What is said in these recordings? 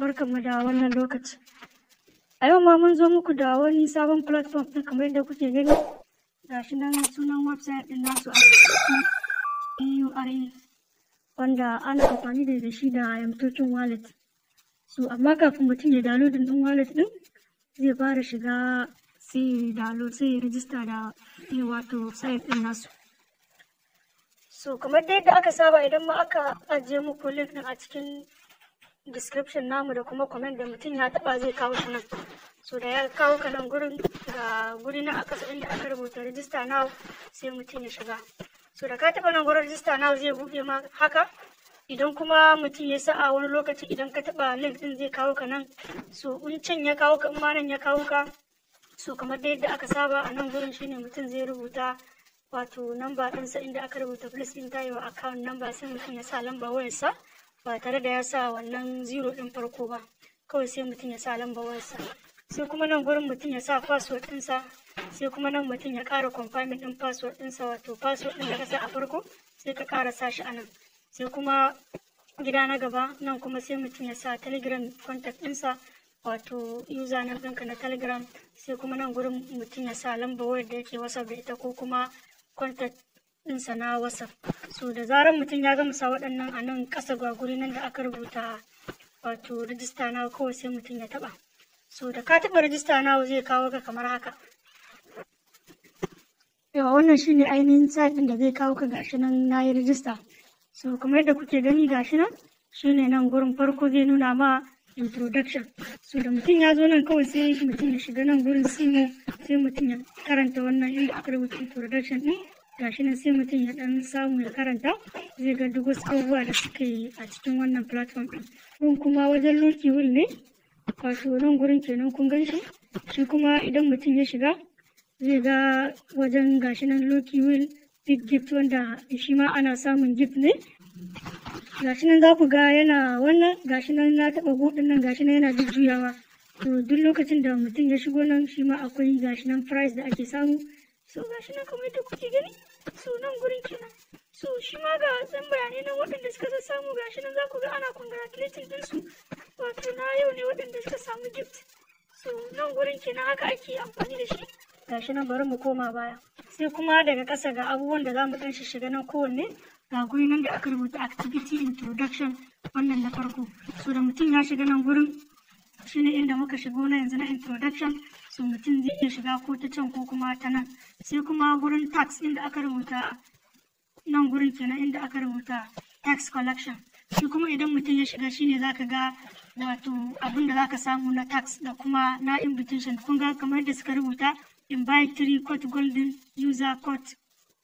barkanmu da wannan lokaci. A yau ma mun zo muku da wani sabon platform ɗin kamar yadda kuke gani ga shi nan sunan website ɗin nasu a URL e, wanda ana amfani da shi da yamtocin wallet. So amma kafin mutum ya download ɗin wallet ɗin zai fara shiga sai ya download sai ya rijista da wato site ɗin nasu. So kamar dai da aka saba idan ma aka ajiye muku link ɗin a cikin description namu da kuma comment da mutum ya taba zai kawo shi nan so da ya kawo ka nan gurin ga guri na aka inda aka rubuta register now sai mutum ya shiga so da ka taba nan gurin register now zai buɗe ma haka idan kuma mutum ya sa'a wani lokaci idan ka taba link din zai kawo ka nan so in can ya kawo ka in ma nan ya kawo ka so kamar da yadda aka saba a nan gurin shine mutum zai rubuta wato namba ɗinsa inda aka rubuta plus ɗin tayewa account number sai mutum ya sa lamba wayarsa ba tare da ya sa wannan zero ɗin farko ba kawai sai mutum ya sa lambar wayarsa sai kuma nan gurin mutum ya sa password ɗinsa sai kuma nan mutum ya ƙara confirming ɗin password ɗinsa wato password ɗin da ka sa a farko sai ka ƙara sa shi a nan sai kuma gida na gaba nan kuma sai mutum ya sa telegram contact ɗinsa wato username ɗinka na telegram sai kuma nan gurin mutum ya sa lambar wayar da yake wasa da ita ko kuma contact ɗinsa na WhatsApp. So da zarar mutum ya gama sa waɗannan a nan ƙasa gwaguri nan da aka rubuta wato rajista na kawai sai mutum ya taɓa. So da ka taɓa rajista na zai kawo ka kamar haka. Yawa wannan shi ne ainihin safin da zai kawo ka gashi nan na yi rajista. So kamar yadda kuke gani gashi nan shi ne nan gurin farko zai nuna ma introduction. So da mutum ya zo nan kawai sai mutum ya shiga nan gurin simo sai mutum ya karanta wannan inda aka rubuta introduction ɗin. gashi nan sai mutum ya dan samu ya karanta zai ga duk wasu abubuwa da suka yi a cikin wannan platform din kun kuma wajen loki wul ne wato nan gurin kenan kun gan shi shi kuma idan mutum ya shiga zai ga wajen gashi nan loki wul big gift wanda shi ma ana samun gift ne gashi nan za ku ga yana wannan gashi nan na taɓa gudun nan gashi nan yana jujjuyawa to duk lokacin da mutum ya shigo nan shi ma akwai gashi nan price da ake samu so gashi nan kamar yadda kuke gani so nan gurin kenan so shi ma ga zan bayanai nan waɗanda suka samu gashi nan za ku ga ana congratulating ɗinsu wato na yau ne waɗanda suka samu gift so nan gurin kenan haka ake amfani da shi gashi nan bari mu koma baya sai kuma daga ƙasa ga abubuwan da za mu ɗan shiga nan kowanne ga guri nan da aka rubuta activity introduction wannan na farko so da mutum ya shiga nan gurin shine inda muka shigo na yanzu na introduction so mutum zai iya shiga ko ta can ko kuma ta nan sai kuma gurin tax inda aka rubuta nan gurin kenan inda aka rubuta tax collection shi kuma idan mutum ya shiga shine ka ga wato abin da za ka samu na tax da kuma na invitation kun ga kamar da suka rubuta invite court golden user court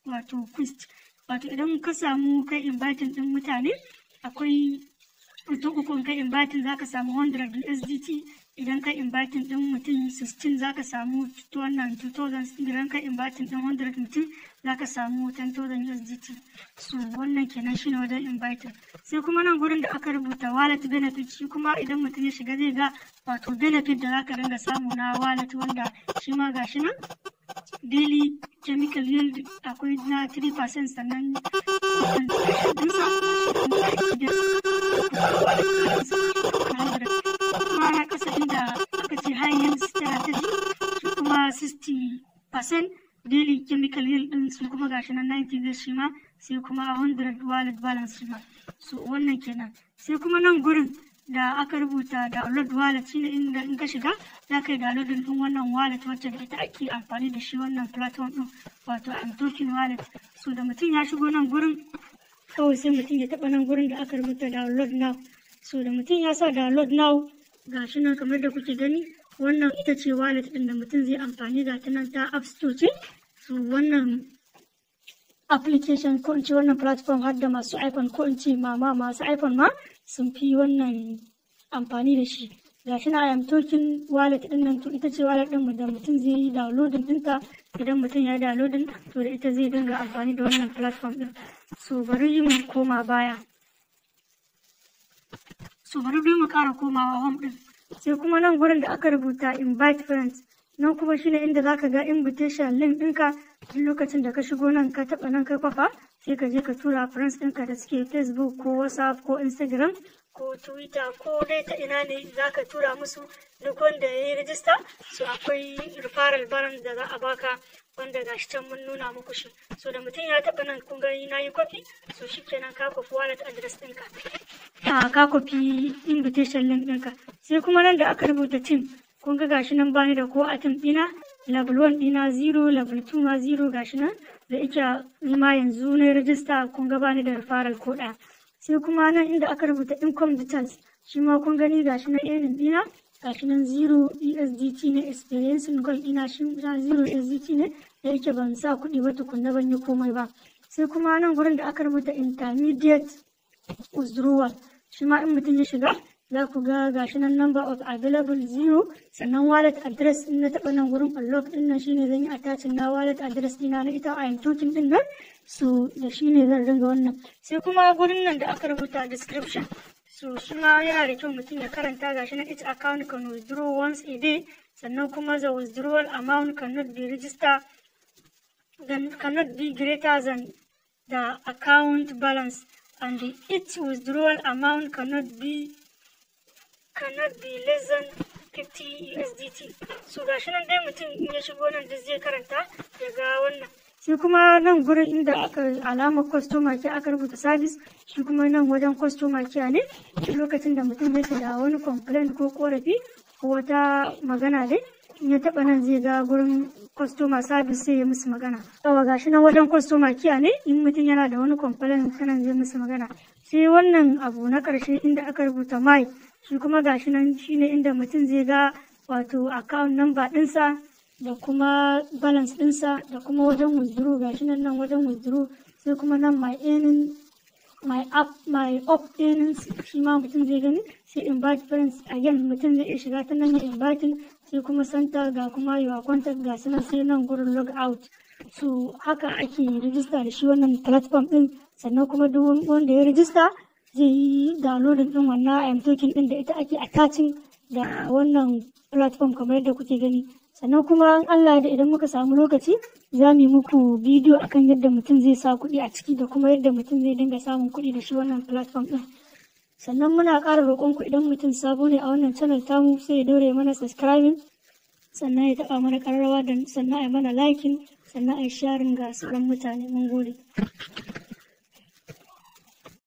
wato quest wato idan ka samu kai invitation din mutane akwai mutum uku kai za ka samu 100 USDT idan ka inviting din mutum 16 zaka samu 2000 idan ka inviting din 100 mutum zaka samu 10000 USDT so wannan kenan shine wajen inviting sai kuma nan gurin da aka rubuta wallet benefit shi kuma idan mutum ya shiga zai ga wato benefit da zaka dinga samu na wallet wanda shi ma gashi nan daily chemical yield akwai na 3% sannan high-end strategy su kuma 60% daily chemical yield din su kuma gashi nan 90 ne shi ma sai kuma 100 wallet balance shi ma wannan kenan sai kuma nan gurin da aka rubuta download wallet shine inda in ka shiga za ka yi downloading din wannan wallet wacce da ita ake amfani da shi wannan platform din wato antokin wallet so da mutum ya shigo nan gurin kawai sai mutum ya nan gurin da aka rubuta download now so da mutum ya sa nan kamar da kuke gani wannan ita ce wallet ɗin da mutum zai amfani da ta nan ta app store ce wannan application ko in ce wannan platform har da masu iphone ko in ce mama masu iphone ma sun fi wannan amfani da shi ga shi na am tokin wallet ɗin nan to ita ce wallet ɗin da mutum zai yi downloading ɗinta idan mutum ya downloading to da ita zai dinga amfani da wannan platform ɗin. so bari mu koma baya so bari mu kara komawa home ɗin. sai kuma nan gurin da aka rubuta invite friends nan kuma shine inda zaka ga invitation link ɗinka duk lokacin da ka shigo nan ka taɓa nan ka kwafa sai ka je ka tura friends ɗinka da suke facebook ko whatsapp ko instagram ko twitter ko dai ta ina ne zaka tura musu duk wanda ya yi rajista su akwai referral balance da za a baka wanda gashi can mun nuna muku shi so da mutum ya taɓa nan kun gani na yi kwafi so shi kenan ka kofi wallet address ɗinka a ka kofi invitation link ɗinka sai kuma nan da aka rubuta TIN, kun ga gashi nan bani da ko a team ɗina level 1 ɗina 0 level 2 ma 0 gashi nan da ike ma yanzu na register kun ga bani da referral ko ɗaya sai kuma nan inda aka rubuta income details shi ma kun gani gashi nan irin ɗina nan zero USDT e na experiencing goal ina shi zero USDT e ne da yake ban sa kuɗi ba tukunna ban yi komai ba sai kuma nan gurin da aka rubuta intermediate withdrawal shi ma in mutum ya shiga za ku ga gashi nan number of available zero sannan wallet address din na taɓa nan gurin unlock din nan shine zan yi attaching na wallet address dina na ita am token din nan so da shine zan ringa wannan sai kuma gurin nan da aka rubuta description su suma ya return mutum ya karanta gashi na each account can withdraw once a day sannan kuma the withdrawal amount cannot be registered then cannot be greater than the account balance and the each withdrawal amount cannot be cannot be less than 50 USDT. So gashi nan dai mutum in ya shigo nan duk zai karanta ya wannan shi kuma nan gurin inda aka alama kwastoma ke aka rubuta sabis shi kuma nan wajen kwastoma ke ne shi lokacin da mutum ya da wani complaint ko korafi ko wata magana dai ya taba nan zai ga gurin kwastoma sabis sai ya musu magana yawa gashi nan wajen kwastoma kiya ne in mutum yana da wani complaint sanan zai musu magana sai wannan abu na karshe inda aka rubuta mai shi kuma gashi nan shine inda mutum zai ga wato account number ɗinsa da kuma balance ɗinsa da kuma wajen withdraw ga shi nan wajen withdraw sai kuma nan my earning my up my up earnings shi ma mutum zai gani sai invite friends again mutum zai iya shiga ta nan ya invite sai kuma center ga kuma wa contact ga sanan sai nan gurin log out so haka ake register da shi wannan platform din sannan kuma duk wanda ya register zai yi downloading din wannan am talking din da ita ake attaching da wannan platform kamar yadda kuke gani sannan kuma an Allah da idan muka samu lokaci za mu yi muku bidiyo akan yadda mutum zai sa kuɗi a ciki da kuma yadda mutum zai dinga samun kuɗi da shi wannan platform ɗin sannan muna ƙara roƙon ku idan mutum sabo ne a wannan channel tamu sai ya dore mana subscribing sannan ya taɓa mana ƙararrawa sannan a mana liking sannan a yi sharing ga sauran mutane mun gode